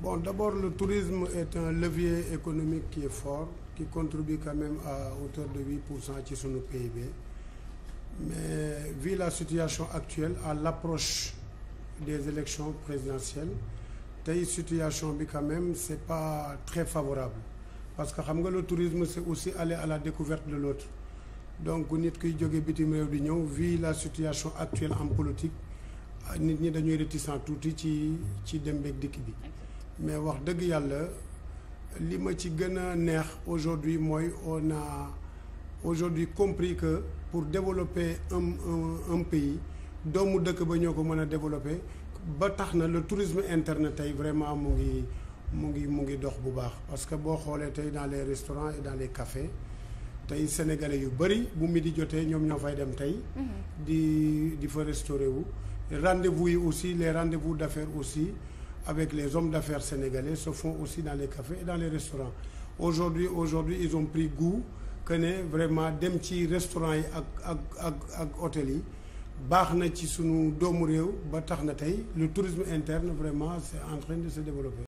Bon, d'abord, le tourisme et un levier économique qui est fort, qui contribue quand même à hauteur de 8% qui sont nos PIB. Mais vu la situation actuelle, à l'approche des élections présidentielles, tey situation bi quand même c'est pas très favorable parce que xam nga le tourisme c'est aussi aller à la découverte de l'autre donc nit kuy jóge bitim réew di ñëw vu la situation actuelle en politique nit ñi dañuy réticent tuuti ci ci dem beeg dikk bi mais wax dëgg yàlla li ma ci gën a neex aujourd'hui mooy on a aujourd'hui compris que pour développer un un, un doomu dëkk ba ñoo ko mën a développer ba tax na le tourisme interne tey vraiment mu ngi mu ngi mu ngi dox bu baax parce que boo xoolee tey dans les restaurants dans les cafés tey sénégalais yu bëri bu di jotee ñoom ñoo fay dem tey. Mm-hmm. di di fa restaurer wu. rendez-vous yi aussi les rendez-vous d'affaires aussi. avec les hommes d'affaires sénégalais se font aussi dans les cafés et dans les restaurants aujourd'hui aujourd'hui ils ont pris goût que ne vraiment dem ci restaurant yi ak ak ak ak hôtel yi baax na ci sunu doomu réew ba tax na tey le tourisme interne vraiment c'est en de se développer